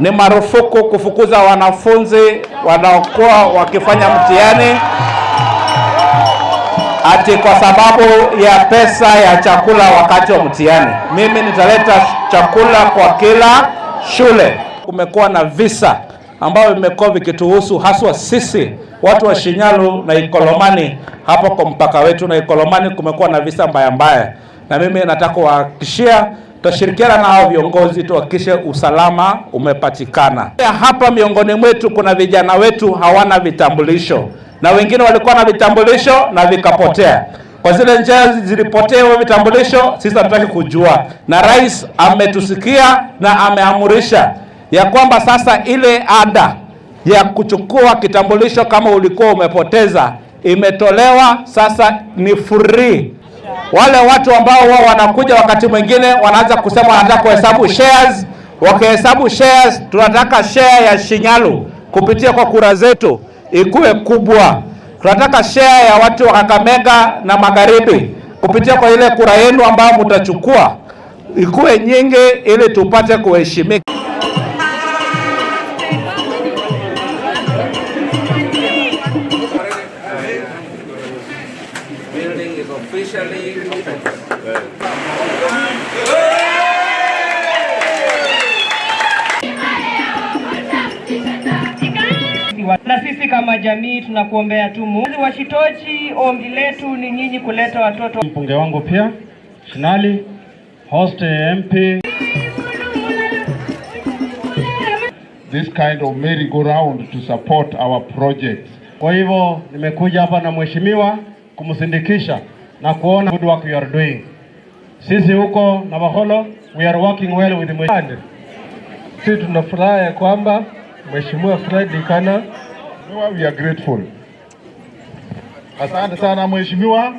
ni marufuku kufukuza wanafunzi wanaokuwa wakifanya mtihani ati kwa sababu ya pesa ya chakula wakati wa mtihani. Mimi nitaleta chakula kwa kila shule. Kumekuwa na visa ambayo vimekuwa vikituhusu haswa sisi watu wa Shinyalu na Ikolomani, hapo kwa mpaka wetu na Ikolomani kumekuwa na visa mbaya mbaya, na mimi nataka kuhakikishia tutashirikiana na hao viongozi tuhakikishe usalama umepatikana. Hapa miongoni mwetu kuna vijana wetu hawana vitambulisho na wengine walikuwa na vitambulisho na vikapotea. Kwa zile njia zilipotea hivyo vitambulisho, sisi hatutaki kujua, na rais ametusikia na ameamurisha ya kwamba sasa ile ada ya kuchukua kitambulisho kama ulikuwa umepoteza imetolewa, sasa ni free wale watu ambao wao wanakuja wakati mwingine wanaanza kusema wanataka kuhesabu shares. Wakihesabu shares, tunataka share ya Shinyalu kupitia kwa kura zetu ikuwe kubwa. Tunataka share ya watu wa Kakamega na Magharibi kupitia kwa ile kura yenu ambayo mtachukua ikuwe nyingi, ili tupate kuheshimika. Na sisi kama jamii tunakuombea tu Mungu. Washitochi, ombi letu ni nyinyi kuleta watoto. Mpunge wangu pia Shinali host MP this kind of merry go round to support our projects. Kwa hivyo nimekuja hapa na mheshimiwa kumsindikisha na kuona good work you are doing. Sisi huko Navakholo we are working well with the Mheshimiwa. Sisi tunafurahi ya kwamba Mheshimiwa Fred Ikana we are grateful. Asante sana mheshimiwa.